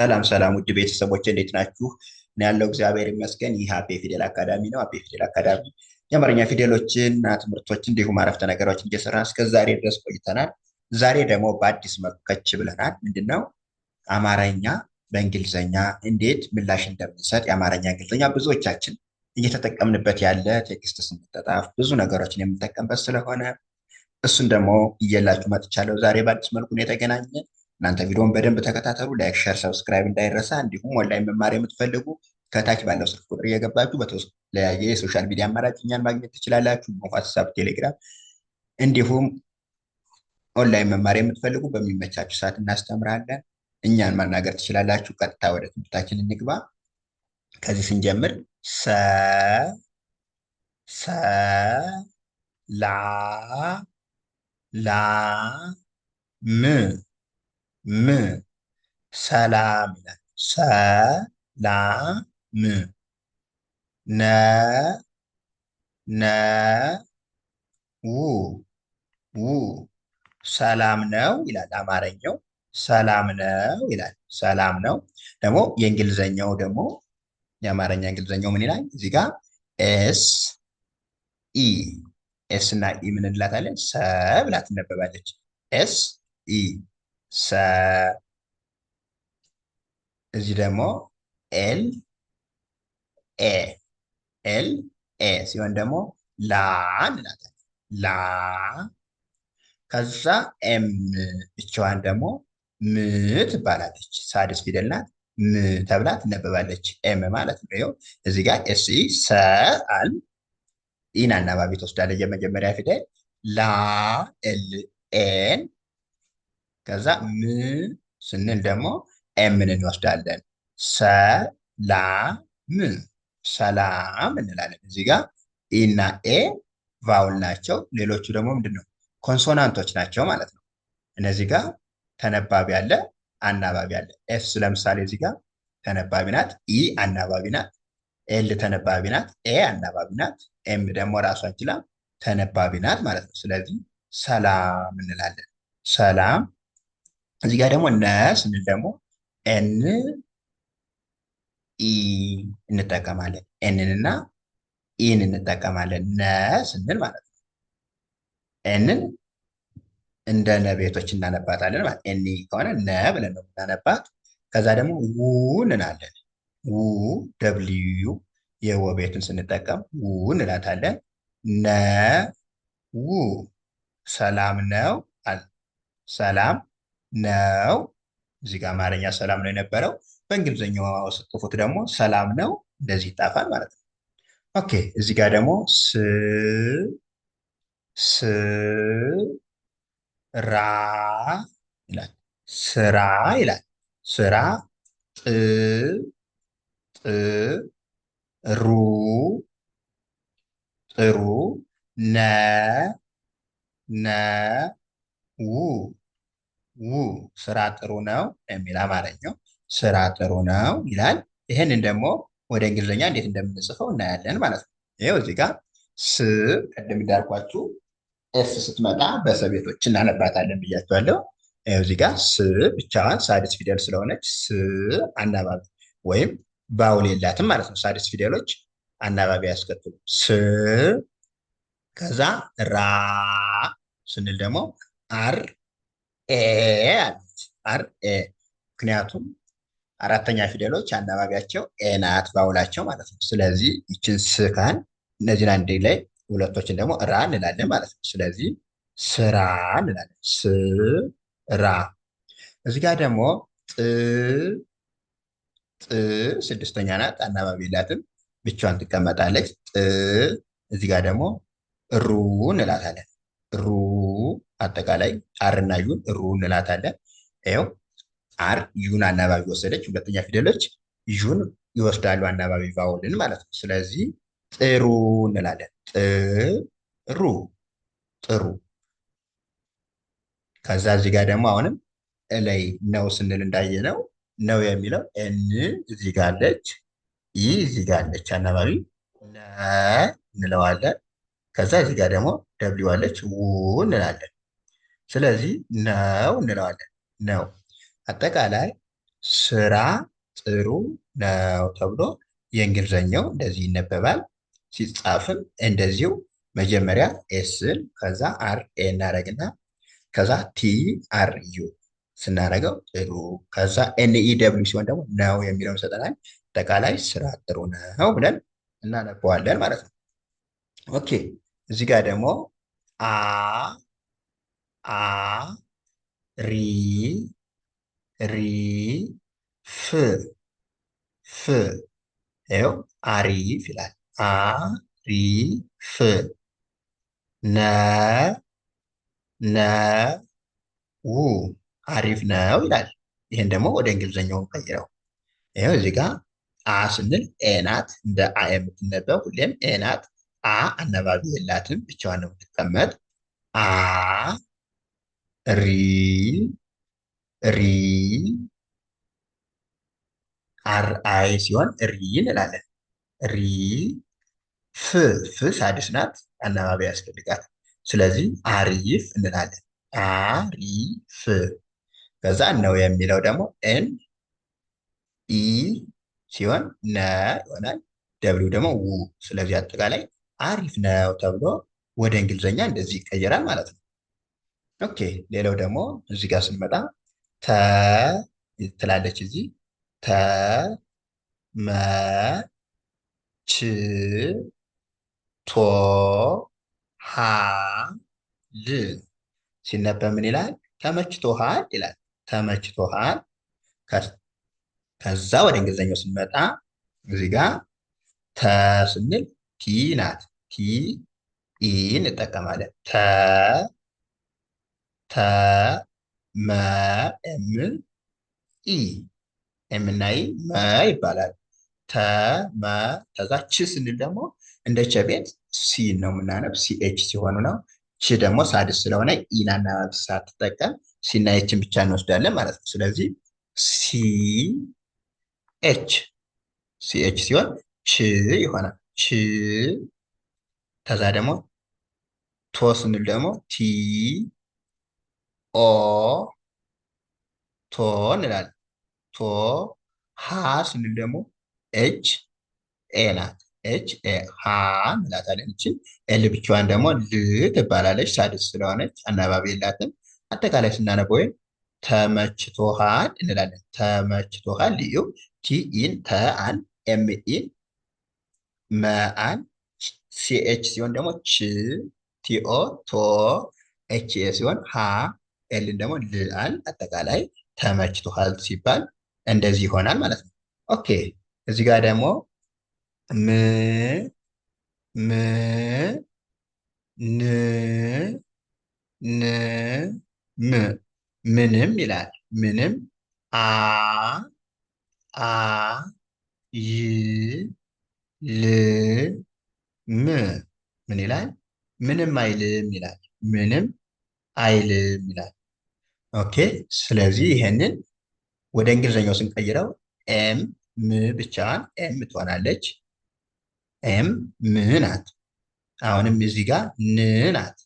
ሰላም ሰላም ውድ ቤተሰቦች እንዴት ናችሁ? እኔ ያለው እግዚአብሔር ይመስገን። ይህ አቤ ፊደል አካዳሚ ነው። አቤ ፊደል አካዳሚ የአማርኛ ፊደሎችን ትምህርቶች እንዲሁም አረፍተ ነገሮችን እየሰራ እስከ ዛሬ ድረስ ቆይተናል። ዛሬ ደግሞ በአዲስ መልኩ ከች ብለናል። ምንድነው አማርኛ በእንግሊዝኛ እንዴት ምላሽ እንደምንሰጥ የአማርኛ እንግሊዝኛ ብዙዎቻችን እየተጠቀምንበት ያለ ቴክስት ስንጠጣፍ ብዙ ነገሮችን የምንጠቀምበት ስለሆነ እሱን ደግሞ እየላችሁ መጥቻለሁ። ዛሬ በአዲስ መልኩ ነው የተገናኘን። እናንተ ቪዲዮን በደንብ ተከታተሉ። ላይክ፣ ሸር፣ ሰብስክራይብ እንዳይረሳ። እንዲሁም ኦንላይን መማር የምትፈልጉ ከታች ባለው ስልክ ቁጥር እየገባችሁ በተለያየ የሶሻል ሚዲያ አማራጭ እኛን ማግኘት ትችላላችሁ። ዋትሳፕ፣ ቴሌግራም እንዲሁም ኦንላይን መማር የምትፈልጉ በሚመቻችሁ ሰዓት እናስተምራለን። እኛን ማናገር ትችላላችሁ። ቀጥታ ወደ ትምህርታችን እንግባ። ከዚህ ስንጀምር ሰ ሰ ላ ላ ም ም ሰላም ይላል። ሰላም ነ ነ ው ው ሰላም ነው ይላል አማርኛው። ሰላም ነው ይላል። ሰላም ነው ደግሞ የእንግሊዘኛው ደግሞ የአማርኛ እንግሊዘኛው ምን ይላል? እዚህ ጋር ኤስ ኢ ኤስ እና ኢ ምን እንላታለን? ሰ ብላ ትነበባለች። ኤስ ኢ ሰ እዚህ ደግሞ ኤል ኤ ኤል ኤ ሲሆን ደግሞ ላ እንላታለን። ላ ከዛ ኤም ብቻዋን ደግሞ ም ትባላለች። ሳድስ ፊደል ናት። ም ተብላ ትነበባለች። ኤም ማለት ነው። ይኸው እዚህ ጋር ኤስ ኢ ሰ አል ኢን አናባቢ ትወስዳለች። የመጀመሪያ ፊደል ላ ኤል ኤን ከዛ ም ስንል ደግሞ ኤምን እንወስዳለን። ሰላም ሰላም እንላለን። እዚህ ጋር ኢ እና ኤ ቫውል ናቸው። ሌሎቹ ደግሞ ምንድን ነው ኮንሶናንቶች ናቸው ማለት ነው። እነዚህ ጋር ተነባቢ አለ፣ አናባቢ አለ። ኤፍስ ለምሳሌ እዚህ ጋር ተነባቢ ናት፣ ኢ አናባቢ ናት፣ ኤል ተነባቢ ናት፣ ኤ አናባቢ ናት፣ ኤም ደግሞ ራሷን ችላ ተነባቢ ናት ማለት ነው። ስለዚህ ሰላም እንላለን። ሰላም እዚህ ጋር ደግሞ ነ ስንል ደግሞ ኤን ኢ እንጠቀማለን። ኤንን እና ኢን እንጠቀማለን። ነ ስንል ማለት ነው። ኤንን እንደ ነ ቤቶች እናነባታለን ማለት ኤን ከሆነ ነ ብለን ነው እናነባት። ከዛ ደግሞ ው እንላለን። ው ደብልዩ የወ ስንጠቀም ው እንላታለን። ነ ው ሰላም ነው። ሰላም ነው። እዚህ ጋር አማርኛ ሰላም ነው የነበረው። በእንግሊዝኛው ስጥፉት ደግሞ ሰላም ነው። እንደዚህ ይጣፋል ማለት ነው። ኦኬ እዚህ ጋር ደግሞ ስ ስ ራ ይላል ስራ ይላል ስራ ጥ ጥ ሩ ጥሩ ነ ነ ው ው ስራ ጥሩ ነው የሚል አማርኛው ስራ ጥሩ ነው ይላል። ይህንን ደግሞ ወደ እንግሊዝኛ እንዴት እንደምንጽፈው እናያለን ማለት ነው። ይኸው እዚህ ጋር ስ ቅድም እንዳልኳችሁ ኤስ ስትመጣ በሰቤቶች እናነባታለን ብያቸዋለሁ። ይኸው እዚህ ጋር ስ ብቻዋን ሳድስ ፊደል ስለሆነች ስ አናባቢ ወይም ባውል የላትም ማለት ነው። ሳድስ ፊደሎች አናባቢ ያስከትሉ ስ ከዛ ራ ስንል ደግሞ አር አር ኤ ምክንያቱም አራተኛ ፊደሎች አናባቢያቸው ኤ ናት ባውላቸው ማለት ነው። ስለዚህ ይችን ስካን እነዚህን አንድ ላይ ሁለቶችን ደግሞ ራ እንላለን ማለት ነው። ስለዚህ ስራ እንላለን። ስራ እዚህ ጋር ደግሞ ጥ ጥ ስድስተኛ ናት፣ አናባቢ የላትም፣ ብቻዋን ትቀመጣለች። ጥ እዚህ ጋር ደግሞ ሩ እንላታለን። ሩ አጠቃላይ አር እና ዩን ሩ እንላታለን። ይው አር ዩን አናባቢ ወሰደች። ሁለተኛ ፊደሎች ዩን ይወስዳሉ አናባቢ ቫውልን ማለት ነው። ስለዚህ ጥሩ እንላለን። ጥሩ ጥሩ። ከዛ እዚህ ጋር ደግሞ አሁንም ላይ ነው ስንል እንዳየ ነው ነው የሚለው ኤን እዚህ ጋለች አለች፣ ይ እዚህ ጋለች አናባቢ ነ እንለዋለን ከዛ እዚህ ጋር ደግሞ ደብሊው አለች ው እንላለን። ስለዚህ ነው እንለዋለን። ነው አጠቃላይ ስራ ጥሩ ነው ተብሎ የእንግሊዘኛው እንደዚህ ይነበባል። ሲጻፍም እንደዚሁ መጀመሪያ ኤስን ከዛ አር ኤ እናደርግና ከዛ ቲ አር ዩ ስናደርገው ጥሩ ከዛ ኤን ኢ ደብሊው ሲሆን ደግሞ ነው የሚለው ይሰጠናል። አጠቃላይ ስራ ጥሩ ነው ብለን እናነበዋለን ማለት ነው። ኦኬ እዚህ ጋር ደግሞ አ አ ሪ ሪ ፍ ፍ ይኸው አሪፍ ይላል። ፍ ነ ነ ው አሪፍ ነው ይላል። ይህን ደግሞ ወደ እንግሊዝኛው ቀይረው። ይኸው እዚህ ጋር አ ስንል ኤናት እንደ አ የምትነበብ ሁሌም ኤናት ። አ አነባቢ የላትም ብቻዋን ነው የምትቀመጥ። አ ሪ ሪ አር አይ ሲሆን ሪ እንላለን። ሪ ፍ ፍ ሳድስ ናት፣ አነባቢ ያስፈልጋት። ስለዚህ አሪፍ እንላለን። አሪፍ ከዛ ነው የሚለው ደግሞ ኤን ኢ ሲሆን ነ ይሆናል። ደብሊው ደግሞ ው። ስለዚህ አጠቃላይ አሪፍ ነው ተብሎ ወደ እንግሊዝኛ እንደዚህ ይቀየራል ማለት ነው። ኦኬ ሌላው ደግሞ እዚህ ጋር ስንመጣ ተ ትላለች እዚህ ተ መ ች ቶ ሀ ል ሲነበብ ምን ይላል? ተመችቶሃል ይላል። ተመችቶሃል። ከዛ ወደ እንግሊዝኛው ስንመጣ እዚህ ጋር ተ ስንል ቲ ናት ፒ ኢ እንጠቀማለን። ተ ተ መ ኤም ኢ ኤምና ኢ መ ይባላል። ተ መ ከዛ ች ስንል ደግሞ እንደ ቸ ቤት ሲ ነው የምናነብ ሲ ኤች ሲሆኑ ነው። ች ደግሞ ሳድስ ስለሆነ ኢናና ሳትጠቀም ሲና ኤችን ብቻ እንወስዳለን ማለት ነው። ስለዚህ ሲ ኤች ሲ ኤች ሲሆን ች ይሆናል ች ከዛ ደግሞ ቶ ስንል ደግሞ ቲ ኦ ቶ እንላለን። ቶ ሀ ስንል ደግሞ ኤች ኤ ናት። ኤች ኤ ሀ እንላታለን። እችን ኤል ብቻዋን ደግሞ ል ትባላለች። ሳድስ ስለሆነች አናባቢ የላትም። አጠቃላይ ስናነበው ወይም ተመችቶሃል እንላለን። ተመችቶሃል ልዩ ቲኢን ተአን ኤምኢን መአን ሲኤች ሲሆን ደግሞ ች ቲኦ ቶ ኤች ሲሆን ሀ ኤልን ደግሞ ልአል አጠቃላይ ተመችቶሃል ሲባል እንደዚህ ይሆናል ማለት ነው። ኦኬ እዚህ ጋር ደግሞ ም ም ን ን ም ምንም ይላል። ምንም አ አ ይ ል ም ምን ይላል? ምንም አይልም ይላል። ምንም አይልም ይላል። ኦኬ። ስለዚህ ይሄንን ወደ እንግሊዝኛው ስንቀይረው ኤም ም ብቻዋን ኤም ትሆናለች። ኤም ም ናት። አሁንም እዚህ ጋር ን ናት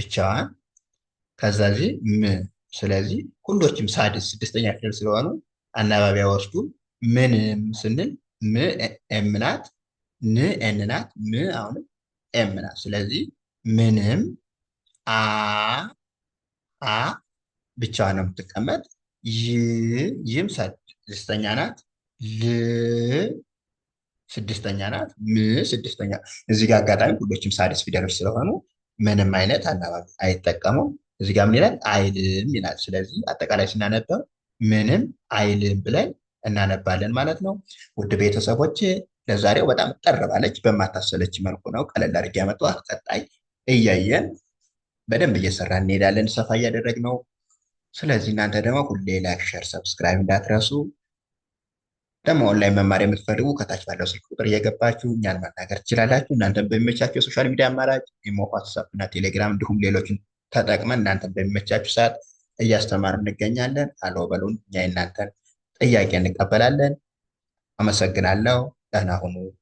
ብቻዋን፣ ከዛ እዚህ ም። ስለዚህ ሁሎችም ሳድስ ስድስተኛ ፊደል ስለሆኑ አናባቢያ ወስዱ ምንም ስንል ም ኤም ናት ን ኤን ናት ም አሁንም ኤም ናት። ስለዚህ ምንም አ አ ብቻዋን ነው የምትቀመጥ። ይ ይም ስድስተኛ ናት። ል ስድስተኛ ናት። ም ስድስተኛ። እዚህ ጋር አጋጣሚ ሁሎችም ሳድስ ፊደሎች ስለሆኑ ምንም አይነት አናባቢ አይጠቀሙም። እዚህ ጋር ምን ይላል? አይልም ይላል። ስለዚህ አጠቃላይ ስናነበው ምንም አይልም ብለን እናነባለን ማለት ነው። ውድ ቤተሰቦች ለዛሬው በጣም ጠር ባለች በማታሰለች መልኩ ነው ቀለል አድርጌ ያመጣኋት። ቀጣይ እያየን በደንብ እየሰራ እንሄዳለን ሰፋ ነው ስለዚህ እናንተ ደግሞ ሁሌ ላይክ፣ ሸር፣ ሰብስክራይብ እንዳትረሱ። ደግሞ ኦንላይን መማር የምትፈልጉ ከታች ባለው ስልክ ቁጥር እየገባችሁ እኛን መናገር ትችላላችሁ። እናንተን በሚመቻቸው የሶሻል ሚዲያ አማራጭ ኢሞ፣ ዋትሳፕ እና ቴሌግራም እንዲሁም ሌሎችን ተጠቅመን እናንተን በሚመቻችሁ ሰዓት እያስተማር እንገኛለን። አሎ በሉን፣ እኛ የእናንተን ጥያቄ እንቀበላለን። አመሰግናለሁ። Dahil ako nung